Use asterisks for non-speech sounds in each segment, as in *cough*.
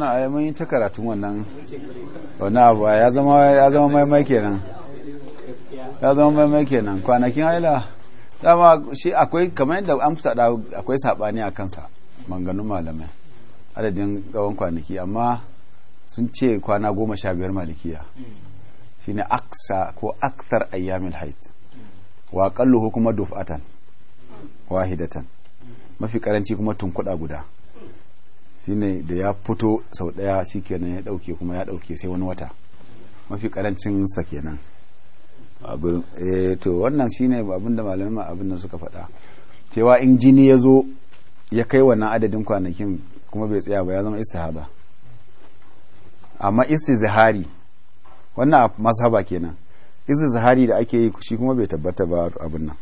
wannan ayi mun yi ta karatun wannan wannan abu ya ya zama maimai kenan ya zama maimai kenan kwanakin haila dama shi akwai kamar yadda an da akwai sabani a kansa manganu malamai adadin tsawon kwanaki amma sun ce kwana goma sha biyar malikiya shine aksa ko aksar ayyamin haid wa qalluhu kuma duf'atan wahidatan mafi karanci kuma tunkuda guda shine da ya fito sau daya shikenan ya dauke kuma ya ɗauke sai wani wata mafi karancin sa kenan eh to wannan shine abin da malaman abin da suka faɗa cewa in jini ya zo ya kai wannan adadin kwanakin kuma bai tsaya ba ya zama istihaba amma istizhari wannan mazhaba kenan istizhari da ake yi shi kuma bai tabbata ba abin nan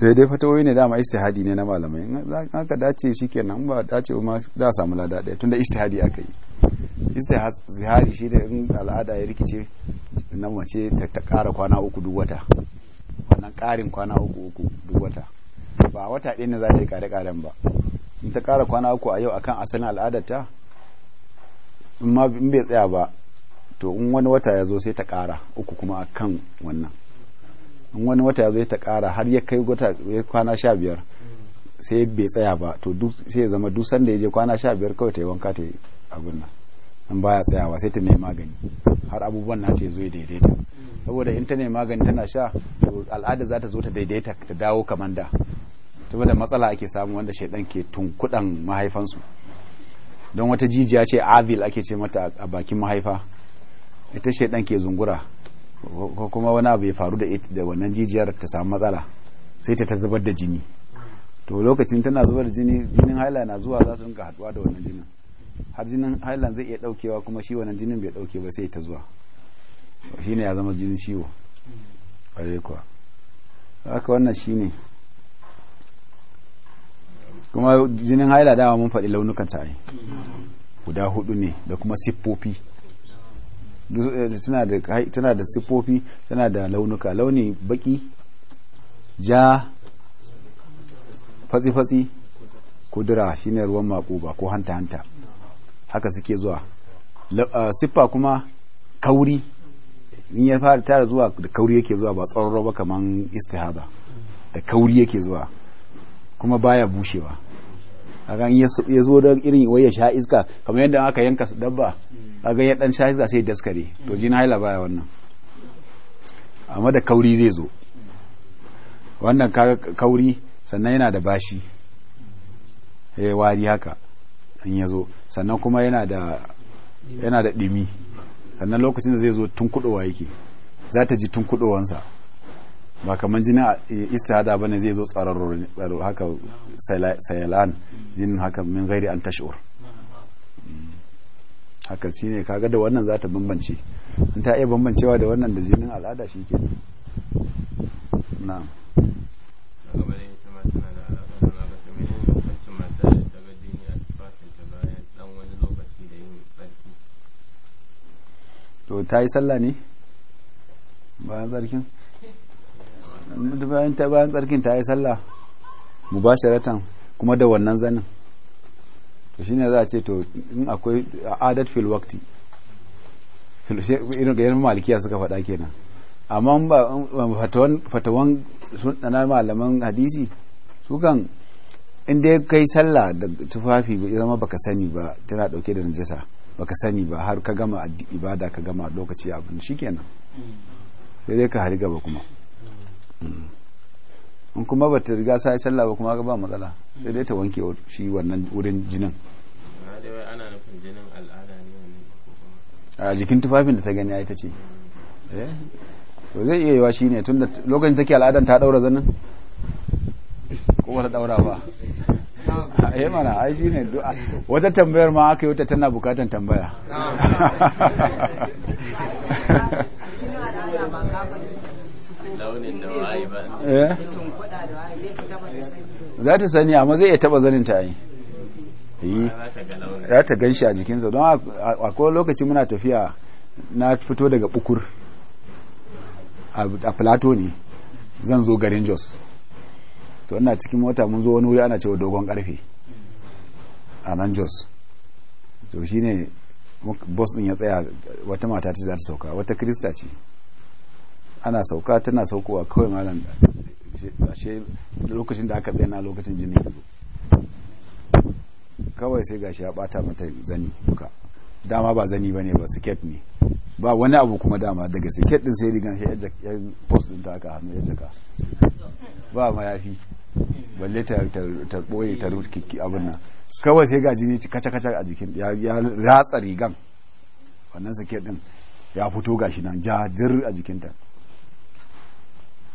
daidai eh, fatawoyi ne dama istihadi ne na malamai in aka dace shi kenan ba dace ba za a samu lada ɗaya tunda istihadi aka yi istihadi shi da in al'ada ya rikice na mace ta ƙara kwana uku duk wata wannan ƙarin kwana uku uku duk wata ba wata ɗin na za ta yi ƙare ƙaren ba in ta ƙara kwana uku a yau akan asalin al'adarta in in bai tsaya ba to in wani wata ya zo sai ta ƙara uku kuma akan wannan in wani wata ya zo ta kara har ya kai kwana sha biyar sai bai tsaya ba to sai ya zama dusan da ya je kwana sha biyar kawai ta yi wanka ta yi abin nan in baya tsayawa sai ta nemi magani har abubuwan na ta zo ya daidaita saboda in ta nemi magani tana sha to al'ada za ta zo ta daidaita ta dawo kamar da saboda matsala ake samu wanda shaidan ke tunkudan mahaifansu don wata jijiya ce avil ake ce mata a bakin mahaifa ita shaidan ke zungura ko kuma wani abu ya faru da da wannan jijiyar ta samu matsala sai ta ta zubar da jini to lokacin tana zubar da jini jinin haila na zuwa za su rinka haduwa da wannan jinin har jinin haila zai iya daukewa kuma shi wannan jinin bai dauke ba sai ta zuwa shine ya zama jinin ciwo ƙwarai kuwa haka wannan shine kuma jinin haila dama mun faɗi launukan ta guda hudu ne da kuma siffofi tana da siffofi tana da launuka launi baki ja fatsi-fatsi kudura shine ruwan makuba ko hanta-hanta haka suke zuwa siffa kuma kauri in ya fara tara zuwa da kauri yake zuwa ba tsororo ba kaman istihada da kauri yake zuwa kuma baya bushewa hakan ya zo da irin waya sha iska kamar yadda aka yanka dabba kaga ya dan shayi sai daskare to na haila baya wannan amma da kauri zai zo wannan kaga kauri sannan yana da bashi ya eh, wari haka in ya zo sannan kuma yana da yana da dimi sannan lokacin da zai zo tun kudowa yake za ta ji tun kudowansa ba kamar jinin eh, istihada ba ne zai zo tsararro haka sayalan jinin haka min gairi an tashur hmm. haka shi ne kaga da wannan za ta bambance in ta iya bambancewa da wannan da jinin al'ada shi ke na to ta yi sallah ne bayan tsarkin bayan tsarkin ta yi sallah mubasharatan kuma da wannan zanin to ne za a ce to in akwai adat fil waqti irin ga malikiya suka faɗa kenan amma fatawan sun dana malaman hadisi su kan in dai kai sallah da tufafi ba zama baka sani ba tana dauke da najasa baka sani ba har ka gama ibada ka gama lokaci abin kenan mm. sai dai ka hari gaba kuma mm. Mm. in kuma bata riga sa yi sallah ba kuma ba matsala sai dai ta wanke shi wannan wurin jinin ana a jikin tufafin da ta gani ai ta ce eh? to zai iya yiwa shine tun da lokacin take al'adan ta daura zanin ko wata daura ba eh mana ai shine wata tambayar ma aka yi wata tana bukatan tambaya launin da ba za ta sani amma zai iya taba zanin ta yi za ta gan shi a jikinsa don akwai lokaci muna tafiya na fito daga bukur a plato ne zan zo garin jos to ina cikin mota mun zo wani wuri ana cewa dogon karfe a nan jos to shine bus din ya tsaya wata mata ce za sauka wata krista ce ana sauka tana saukowa kawai malam ashe lokacin da aka tsena lokacin jini ya kawai sai gashi ya bata mata zani duka dama ba zani bane ba siket ne ba wani abu kuma dama daga siket din sai rigan shi yan post din ta aka hannu ya jaka ba ma yafi balle ta ta boye ta rutki abin nan kawai sai ga jini kaca kaca a jikin ya ratsa rigan wannan siket din ya fito gashi nan ja jir a ta.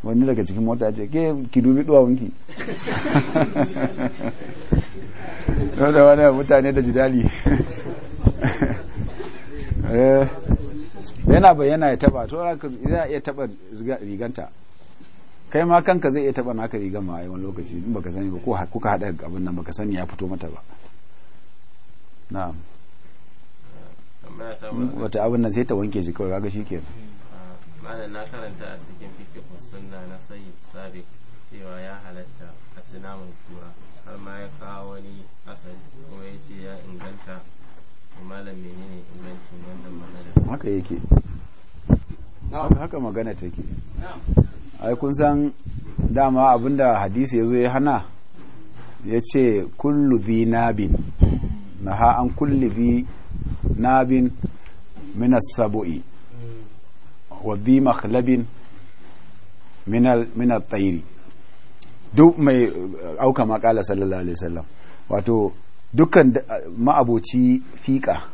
wani daga cikin mota ce ke ki dubi duwawunki wadda wani mutane da jidali eh, yana bayyana ya taba to za a iya taba riganta kai ma kanka zai iya taba naka rigan ma wani lokaci in baka sani ba ko kuka hada abin nan baka sani ya fito mata ba na wata abin nan sai ta wanke shi kawai kaga shikenan malam na karanta a cikin fiqh sunna na sayyid sabiq cewa ya halatta a ci naman kura har ma ya kawo wani asali kuma ya ce ya inganta malam menene ingancin wannan magana haka yake haka magana take ai kun san dama abinda hadisi ya zo ya hana ya ce kullu na nabin na ha an kulli na nabin minas sabo'i وذي makhlabin minal من الطير duk mai eh, auka makala sallallahu alaihi wasallam wato dukkan eh, ma'aboci fika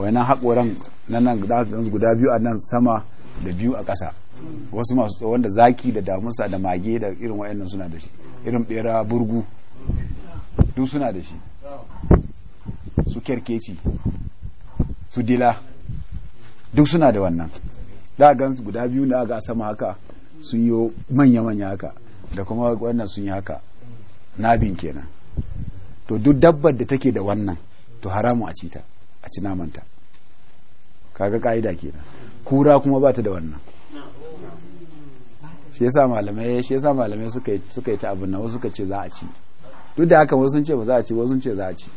wannan haƙoran nan nan guda biyu a nan sama da biyu a ƙasa wasu masu tsohon da zaki da damusa da mage da irin wa'annan suna da shi irin bera burgu duk suna da shi su kerkeci su dila duk suna da wannan da gan guda biyu na ga sama haka sun yi manya-manya haka da kuma wannan sun yi haka nabin kenan to duk dabbar da take da wannan to haramu a ci ta a ci namanta kaga ka'ida kenan kura kuma ba ta da wannan shi yasa malamai shi yasa malamai suka suka yi ta abin nan wasu suka ce za a ci duk da haka wasu sun ce ba za a ci wasu sun ce za a ci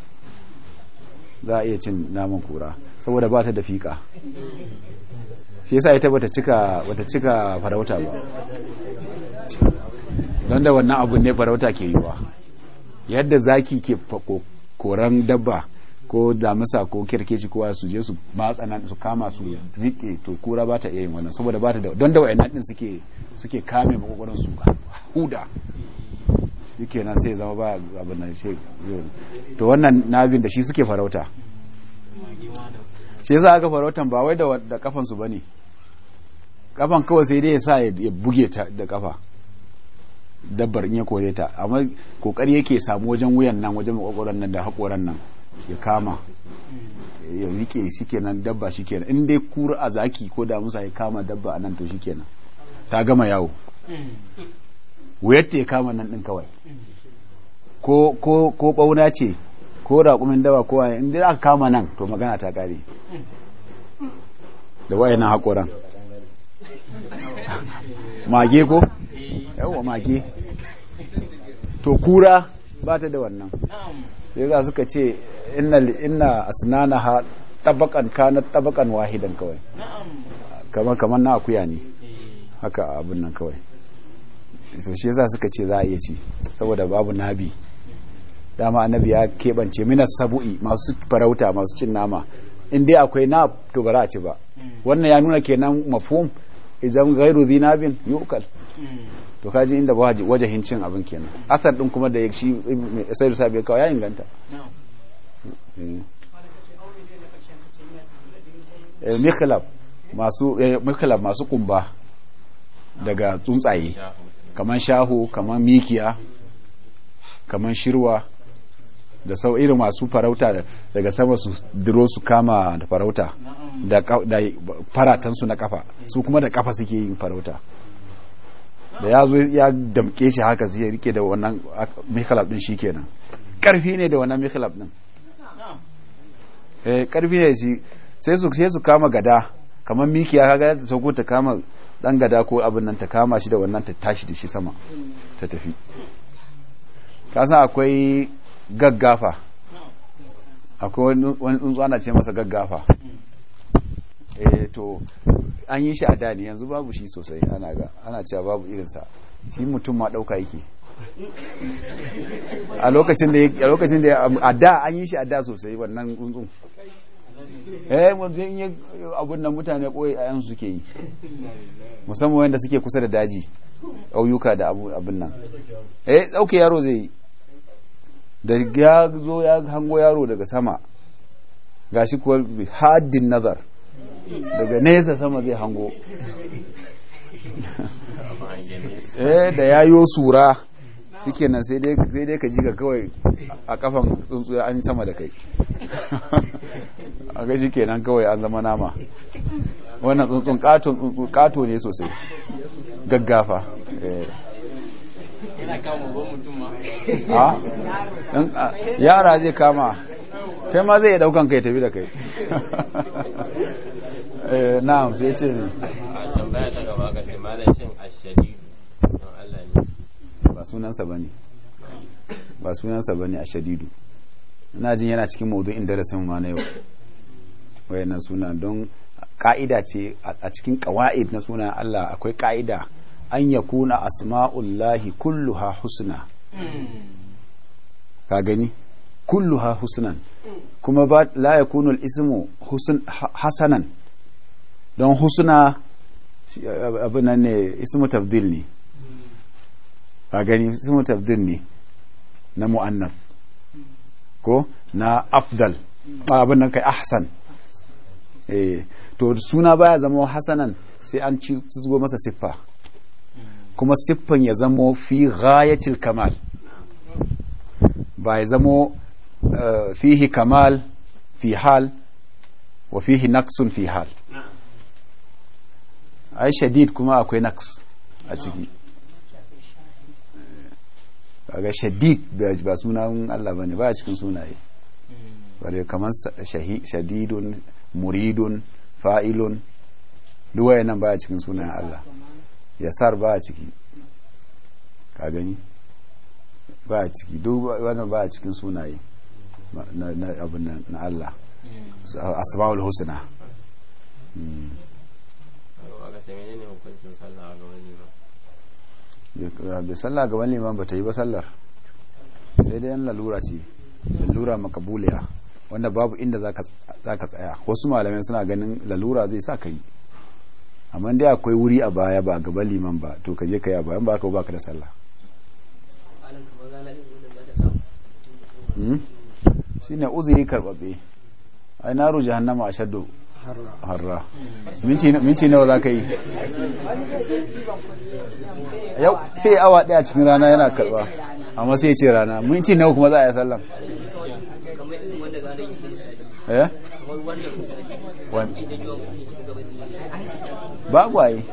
za a iya cin naman kura saboda ba ta da fiƙa shi yasa ita bata cika bata cika farauta ba don da wannan abun ne farauta ke yiwa yadda zaki ke koran dabba ko damisa ko kirkeci kowa su je su matsa nan su kama su rike to kura ba ta iya yin wannan saboda ba ta da don da wayannan din suke suke kame makokorin su huda yake nan sai zama ba abin nan shi to wannan nabin da shi suke farauta shi yasa aka farautan ba wai da kafan su bane kafan kawai sai dai ya sa ya buge ta da kafa dabbar in ya kore ta amma kokari yake samu wajen wuyan nan wajen makwakwaran nan da hakoran nan ya kama ya rike shikenan dabba shikenan in dai kura a zaki ko da musa ya kama dabba a nan to shikenan ta gama yawo wuyar ya kama nan din kawai ko ko ko bauna ce ko raƙumin dawa ko waye in aka kama nan to magana ta ƙare da waye na haƙoran *laughs* mage ko yawa mage to kura ba ta da wannan sai za suka ce inna asnana ha tabakan kana tabakan wahidan kawai kamar kamar na akuya ne haka abin nan kawai to shi yasa suka ce za a iya ci saboda babu nabi dama annabi ya keɓance minas sabu'i masu farauta masu cin nama in dai akwai na to ba a ci ba wannan ya nuna kenan mafhum idan gairu zinabin yukal to kaji inda wajahin cin abin kenan asar din kuma da shi sai rusa bai kawai ya inganta eh, mikhlab masu eh, mikhlab masu kumba daga tsuntsaye kaman shahu kaman mikiya kaman shirwa da sau irin masu farauta daga sama su diro su kama da farauta da faratansu na kafa su kuma da kafa suke yin farauta da ya zo ya damke shi haka zai rike da wannan mikhalab din shikenan karfi ne da wannan mikhalab din eh karfi ne shi sai su sai su kama gada kamar mikiya kaga ta sauko ta kama dan gada ko abin nan ta kama shi da wannan ta tashi da shi sama ta tafi ka san akwai gaggafa akwai wani tsuntsu ana ce masa gaggafa eh to an yi shi a dani yanzu babu shi sosai ana ga ana cewa babu irinsa shi mutum ma ɗauka yake a lokacin da a lokacin da a da an yi shi a da sosai wannan tsuntsun eh mutum ya abun nan mutane koyi a yansu suke yi musamman wanda suke kusa da daji ƙauyuka da abun nan eh ɗauke yaro zai yi da ya zo ya hango yaro daga sama gashi kuwa haddin nazar daga nesa sama zai hango eh da yayo sura shikenan sai dai sai dai ka ji ka kawai a kafan tsuntsu an sama da kai a ga shikenan kawai an zama nama wannan tsuntsun kato ne sosai gaggafa eh yara zai kama kai ma zai daukan kai tafi da kai *laughs* eh, na'am sai ce ne ba sunansa ba ba ne a shadidu ina jin yana cikin inda darasin ma na yau wayannan suna don ka'ida ce a cikin kawa'id na suna Allah akwai ka'ida an yakuna asma'ullahi kulluha husna hmm. ka gani kulluha husnan kuma ba la yakunu al-ismu hasanan don husna abin nan ne ismu tabdil ne hmm. ka gani ismu tabdil ne na mu'annaf ko na afdal hmm. ah, abin nan kai ahsan eh to suna baya zama hasanan sai an ci masa siffa kuma siffan ya zamo fi ghayatil kamal ba ya zamo eh, fihi kamal fi hal wa fihi naqsun fi hal ai shadid kuma akwai naqs a ciki eh, ga shadid ba sunan Allah bane ba a cikin sunaye bare kamar shadidun muridun fa'ilun duwaye nan ba a cikin sunayen Allah yasar ba a ciki ka gani ba a ciki duk wannan ba a cikin sunaye na abin na Allah hmm. asma'ul husna hmm. bai sallah wani liman ba ta yi ba sallar sai dai yan lalura ce lalura makabuliya wanda babu inda za ka tsaya wasu malamai suna ganin lalura zai sa ka yi amma dai akwai wuri a baya ba gaba liman ba to ka je ka yi a bayan ba ka ba ka da sallah hmm? shi ne uzuri karɓaɓɓe ai na ruji hannama a shaddo harra minti nawa za ka yi yau sai awa daya cikin rana yana karba amma sai ce rana minti nawa kuma za a yi sallah eh ba gwaye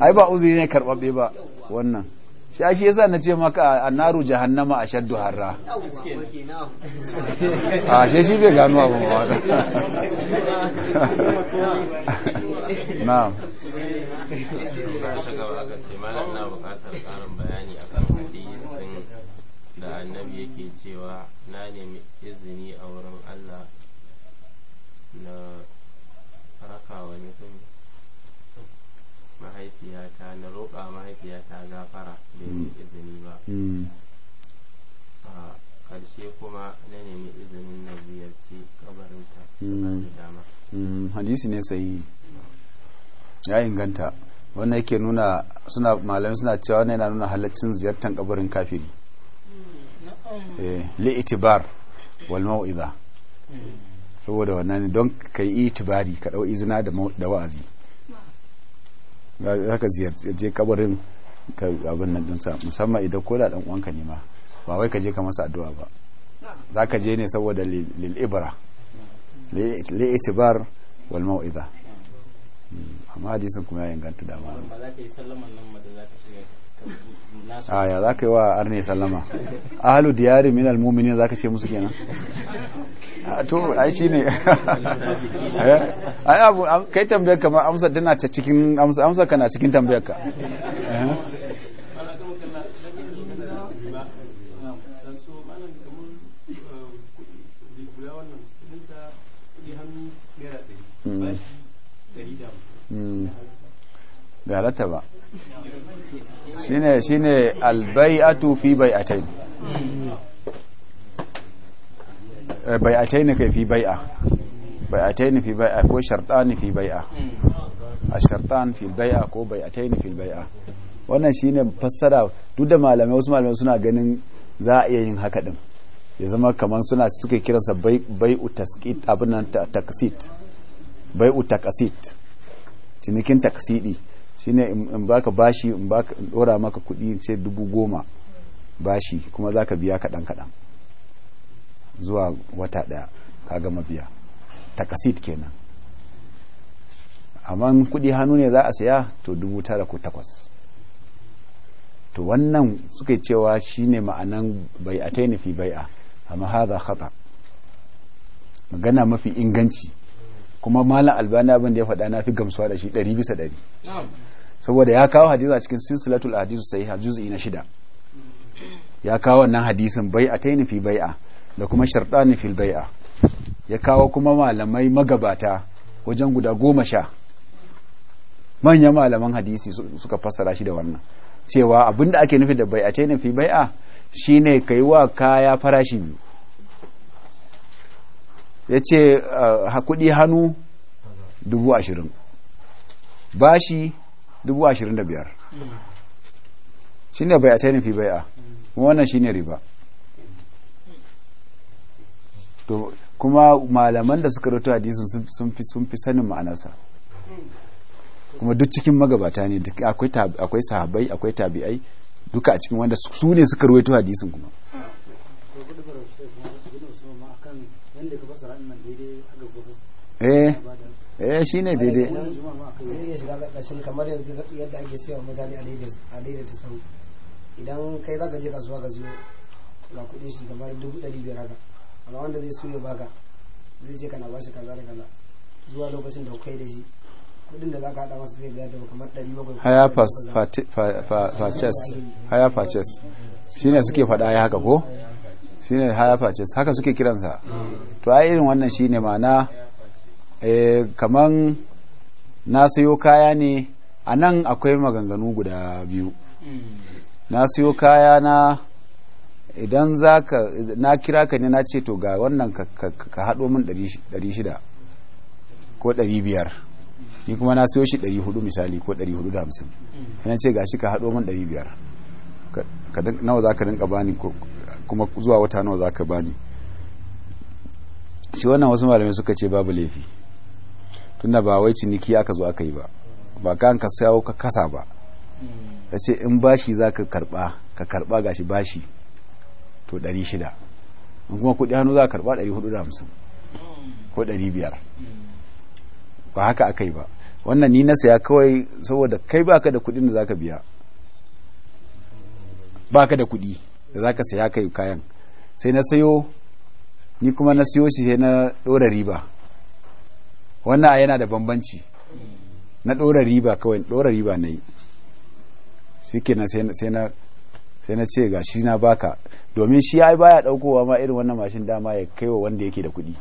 ai ba uzuri ne karɓaɓɓe ba wannan shi shi yasa na ce maka a naru jahannama a shaddu harra a *laughs* ah, shi shi bai gano abu ba *laughs* na'am na bayani akan da annabi yake cewa na nemi izini a wurin Allah na raka wani sun mahaifiyata na roƙa mahaifiyata gafara da yi mm. izini ba mm. a ƙarshe kuma na nemi izinin na ziyarci kabarinta da mm. dama hadisi ne sai ya inganta wannan yake nuna suna malami suna cewa wannan yana nuna halaccin ziyartar kabarin kafiri eh, li'itibar wal mau'iza saboda wannan don ka yi itibari ka ɗau izina da wa'azi za ka ziyarci je kabarin ka abin nan dinsa musamman idan ko da dan uwanka ne ma ba wai ka je ka masa addu'a ba za ka je ne saboda lil liitibar wal mau'iza Mm. amma hadisin kuma ya inganta dama za nan ma da za ka a ya za ka yi wa arne sallama ahalu diyari min almuminin za ka ce musu kenan a ah, to ai shi ne *laughs* eh? ai abu kai tambayar kama ma amsar tana ta cikin amsar ka na cikin tambayar ka eh? Mm. Mm. bai halatta ba shine shine albai'atu fi bai'atain eh, bai'atain kai fi bai'a bai'atain fi bai'a ko shartan fi bai'a ashartan fi bai'a ko bai'atain fi bai'a wannan shine fassara duk da malamai wasu malamai suna ganin za a iya yin haka din ya zama kamar suna suke kiransa bai'u tasqit abin nan taksit bai'u takasit cinikin taksidi shine in baka bashi in baka in dora maka kudi ce dubu goma bashi kuma za ka biya kaɗan kaɗan zuwa wata ɗaya ka gama biya takasid kenan amma kudi hannu ne za a saya to dubu tara ko takwas to wannan suka cewa shine ma'anan bai a bai'atai fi a amma haza khata magana mafi inganci kuma malam albani abin da ya faɗa na fi gamsuwa da shi ɗari bisa ɗari saboda ya kawo hadisi a cikin silsilatul hadisu sai juz'i na shida ya kawo wannan hadisin bai a ta fi a da kuma sharɗani fil a ya kawo kuma malamai magabata wajen guda goma sha manyan malaman hadisi suka fassara shi da wannan cewa abin da ake nufi da bai a ta fi bai'a shine kai wa kaya farashi biyu ya ce kudi hannu dubu ashirin bashi dubu ashirin da biyar shi ne bai a ta nufi bai a wannan shi ne riba kuma malaman da suka rato hadisun sun fi sanin ma'anarsa kuma duk cikin magabata ne akwai sahabai akwai tabi'ai duka a cikin wanda su ne suka rato hadisin kuma eh eh shi ne daidai kamar yanzu yadda ake siya mutane a sau idan kai za ka je kasuwa ka siyo ga shi kamar dubu ɗari biyar haka amma wanda zai suyo baka zai ce kana kaza da kaza zuwa lokacin da kai da shi kuɗin da za ka haɗa masa zai gaya da kamar ɗari bakwai haya suke faɗa ya haka ko haya hayafacis haka suke kiransa to a irin wannan shine mana eh, kaman na sayo kaya ne a nan akwai maganganu guda biyu na sayo kaya na idan za ka na kira ka ne na ce to ga wannan ka haɗo min 600 ko 500 ni kuma na sayo shi 400 misali ko 450 yana ce ga shi ka haɗo min 500 nawa za ka rinka bani ko kuma zuwa wata nawa zaka bani shi wannan wasu malamai suka ce babu laifi tunda ba wai ciniki aka zo aka yi ba ba kan ka sayo ka kasa ba ka hmm. ce in bashi za ka karba ka karba gashi bashi to 600 in kuma kudi hannu za ka karba 450 ko 500 hmm. ba haka aka yi ba wannan ni na saya kawai saboda kai baka da kudin da za ka biya baka da kudi da za ka saya kai kayan sai na sayo ni kuma na siyo shi sai na ɗora riba wannan yana da bambanci na ɗora riba kawai ɗora riba na yi shi ke sai na ce ga shi na baka domin shi ya yi baya ɗaukowa ma irin wannan mashin dama ya kai wa wanda yake da kuɗi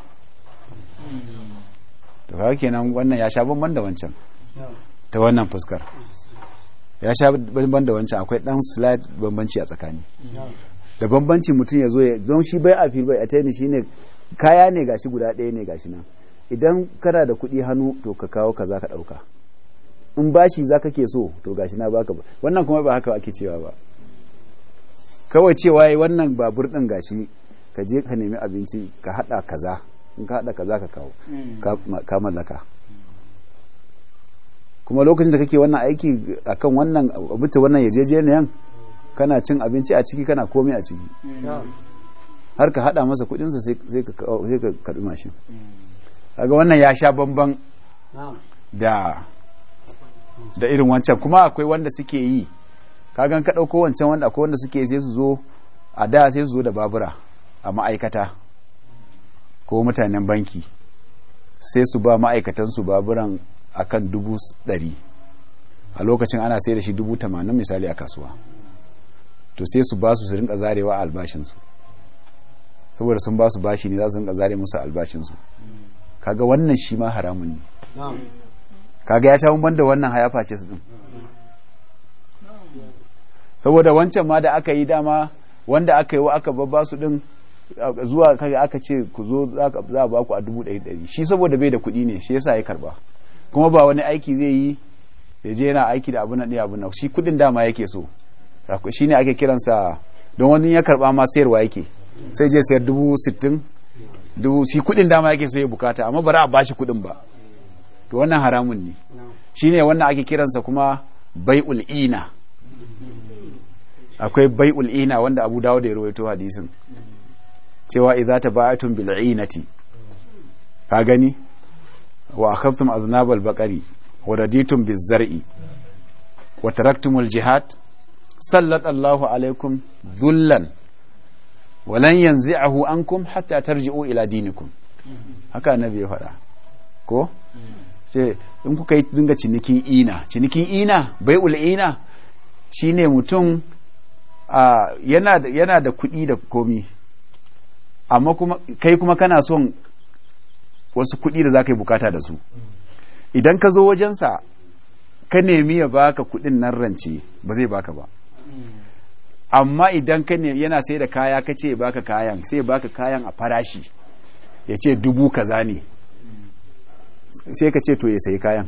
to kawai kenan wannan ya sha bamban da wancan ta wannan fuskar ya sha banban da wancan akwai dan slide bambanci a tsakani da bambanci mutum ya zo ya don shi bai a fili bai a taini ne kaya ne gashi guda ɗaya ne gashi nan idan kana da kuɗi hannu to ka kawo kaza ka ɗauka in bashi za ka ke so to gashi na baka ba wannan kuma ba haka ake cewa ba kawai cewa yi wannan babur ɗin gashi ka je ka nemi abinci ka haɗa kaza in ka haɗa kaza ka kawo hmm. ka mallaka kuma lokacin da kake wannan aiki akan wannan wuce wannan yarjejeniyan kana cin abinci a ciki kana komai a ciki har ka hada masa kudinsa sai ka kaɗi mashin daga wannan ya sha bamban da da irin wancan kuma akwai wanda suke yi kagan ka ɗauko wancan wanda akwai wanda suke sai su zo a da sai su zo da babura a ma'aikata ko mutanen banki sai su ba ma'aikatansu baburan akan dubu ɗari a lokacin ana sai da shi dubu tamanin misali a kasuwa to sai su basu su rinka zarewa a albashinsu saboda sun basu bashi ne za su rinka zare musu albashinsu kaga wannan shi ma haramun ne kaga ya sha mun da wannan haya face su din saboda wancan ma da aka yi dama wanda aka yi wa aka babba su din zuwa kaga aka ce ku zo za a ku a dubu ɗari ɗari shi saboda bai da kuɗi ne shi yasa ya karba kuma ba wani aiki zai yi ya je yana aiki da abun nan ɗin abun shi kuɗin dama yake so shi ne ake kiransa don wani ya karɓa ma sayarwa yake sai je sayar dubu sittin dubu shi kuɗin dama yake so ya bukata amma ba a bashi kuɗin ba to wannan haramun ne shi ne wannan ake kiransa kuma bai'ul ina akwai bai'ul ina wanda abu dawo da ya rawaito hadisin cewa idza tabatun bil bil'inati. ka gani wa akhadhtum aznab al-baqari wa raditum Bizar’i wa taraktum al-jihad sallat Allahu alaikum dhullan wa lan yanzi'ahu ankum hatta tarji'u ila dinikum haka annabi ya faɗa ko sai in kuka yi dinga cinikin ina cinikin ina bai'ul ina shine mutum yana da kuɗi da komi amma kuma kai kuma kana son wasu kuɗi da za ka yi bukata da su idan ka zo wajensa ka nemi ya baka kuɗin nan rance ba zai baka ba amma idan ka ne yana sai da kaya ka ce baka kayan sai baka kayan a farashi ya ce dubu kaza ne sai ka ce to ya sayi kayan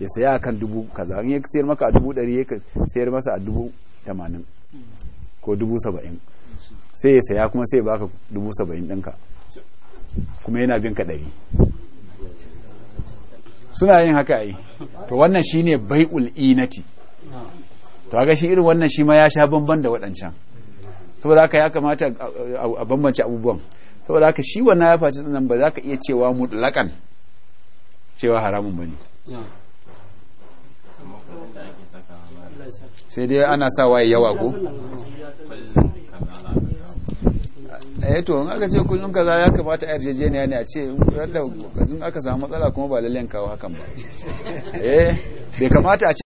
ya saya a kan dubu kaza in ya sayar maka a dubu ɗari ya sayar masa a dubu tamanin ko dubu saba'in sai ya saya kuma sai baka dubu saba'in ɗinka kuma yana bin ka suna yin haka yi to wannan shi ne bai'ul inati to haka shi irin wannan shi ma ya sha bamban da waɗancan saboda haka ya kamata a banbance abubuwan saboda haka shi wannan ya faci tsanan ba za ka iya cewa mutlakan cewa haramun ba ne sai dai ana sa waye yawa ko eh to in aka ce kullun kaza ya kamata a yarjejeniya ne a ce in aka samu matsala kuma ba lallan kawo hakan ba *laughs* eh bai kamata a